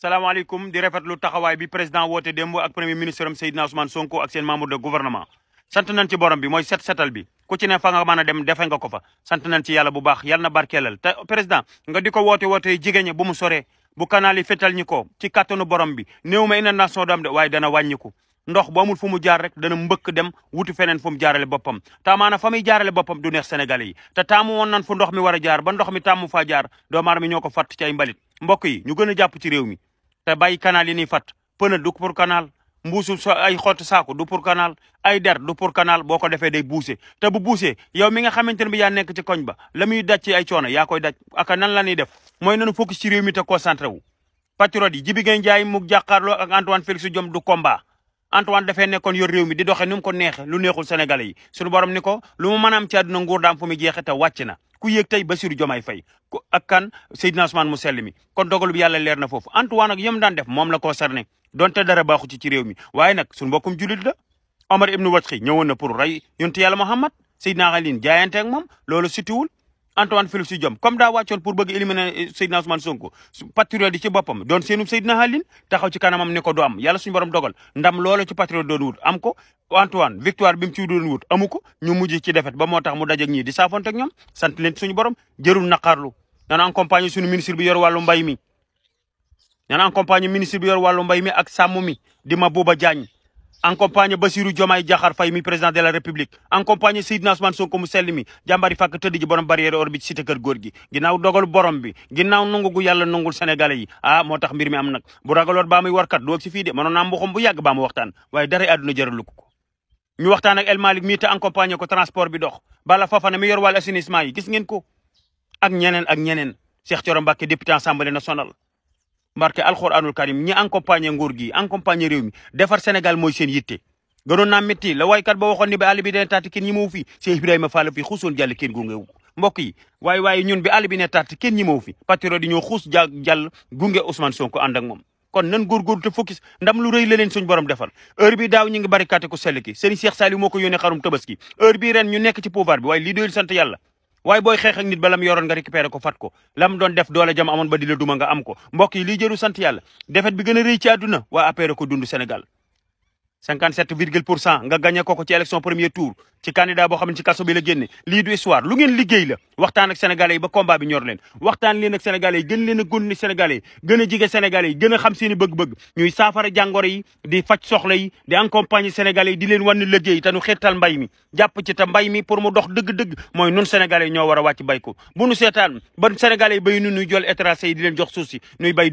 salaamaaleykum di rafetlu taxawaay bi président woote démb ak premier ministre am Seydina Ousmane Sonko ak seen membre de gouvernement sant ci borom bi mooy set setal bi ku ci ne fa a dem defe nga ko fa sant nañ ci yàlla bu baax yàlla na barkeelal président nga di ko woote woote jigéen ñi bu mu sore bu kanaal fetal ñi ko ci kàttanu borom bi néew ma inondation du am de waaye dana wàññiku ndox bu amul fu mu jaar rek dana mbëkk dem wut feneen fu mu jaarale boppam te amaana fa muy jaarale boppam du neex sénégalais yi te taamu woon nan fu ndox mi war a jaar ba ndox mi taamu faa jaar doomu aadama ñoo ko fàtt ci ay mbalit mbokk yi ñu gën a jàpp ci réew mi te bàyyi canal yi ni fat pëna du pour canal mbuusu ay xottu saako du pour canal ay der du pour canal boo ko defee day buuse te bu buusee yow mi nga xamante ne bi yaa nekk ci koñ ba la muy daj ci ay coono yaa koy daj aka nan la ñuy def mooy nanu focus ci réew mi te concentré wu patriote yi Jibi Gueye Ndiaye mu jàkkaarloo ak Antoine Félix Diome du combat Antoine dafee nekkoon yor réew mi di doxee ni ko neexe lu nexul senegal yi suñu borom ni ko lu mu mën a am ci àdduna nguur daam fu te wàcc na ku yéeg tey Bassirou Diomaye Faye ak kan Seydina Ousmane mu sell mi kon dogalu bi yàlla leer na foofu Antoine ak yëm daan def moom la concerné donte dara baaxu ci ci réew mi waaye nag suñu mbokkum jullit la Omar ibnu Watxi ñëwoon na pour rey yontu yàlla Muhammad Seydina Alioune jaayante ak moom loolu sutiwul Antoine Félix Diome comme daa wàccoon pour bëgg éliminer eh, Seydina Ousmane Sonko patriote yi ci boppam doon seenum Seydina taxaw ci kanamam ne ko du am yala suñu borom dogal ndam loola ci patriote doon wut am ko Antoine victoire bi mu ci doon wut amu ko ñu mujj ci defet ba moo tax mu dajeek ñi di saafonte ak ñoom sant leen suñu borom jërul naqarlu nana accompagner suñu ministre bi yor wallu mbay mi nana accompagner bi yor wàllu mbay mi ak sàmm mi di Mabouba Diagne en compagnie Bassirou Diomaye Diakhar Faye mi président de la République en compagnie Seydina Ousmane Sonko mu sell mi jàmbari fàkk tëdd ji borom barrière or bi ci cité kër góor gi ginnaaw dogal borom bi ginnaaw nangu gu yàlla nangul sénégalais ah moo tax mbir mi am nag bu ragaloon baa muy warkat du si fii de mënoon naa mboxam bu mu waxtaan waaye dara àdduna jëralu ko ñu waxtaan ak El Malick mii te accompagné ko transport bi dox bala Fafana mi yor wàllu assainissement yi gis ngeen ko ak ñeneen ak ñeneen Cheikh Thioro Mbacké député Assemblée barke alxuraanul karim ñi accompagner nguur gi accompagner réew mi defar Sénégal mooy seen yitte. gënoon naa métti la waykat ba ba àll bi dina tàtt kenn ñi moo fi Cheikh Ibrahima Fall fi xusoon jàll kenn gunge wu moo fi patriote di ñoo xuus ja jàll gunge Ousmane Sonko ànd ak moom kon nan góorgóorlu te focus ndam lu rëy la leen borom defal heure daaw ñu ngi barikate ko sell ki Serigne Cheikh Saliou moo ko xarum tabaski heure ren ñu nekk ci pouvoir bi waaye lii doyul sant yàlla waaye booy xeex ak nit balam yoroon nga récupéré ko fat ko lam doon def doole jam amoon ba di la duma nga am ko mbokk yi liy jëru sant yàlla defet bi gën a rëy ci wa waa ko dund Sénégal 57 virgule pour cent nga gagné ko ko ci élection premier tour ci candidat boo xam ne ci kaso bi la génne lii du histoire lu ngeen liggéey la waxtaan ak sénégalais yi ba bi ñor leen waxtaan leen ak sénégalais yi gën leen a gónne sénégalais yi gën a jige sénégalais yi gën a i di faj soxla yi di accompagner sénégalais di leen wan liggéey te nu xirtal mbay mi jàpp ci te mbay mi pour mu dox dëgg-dëgg mooy nun sénégalais yi ñoo war a wàcc bay ko bu nu seetaan ban sénégalais yi bay nu nuy jol étranger yi di leen jox suuf si nuy bay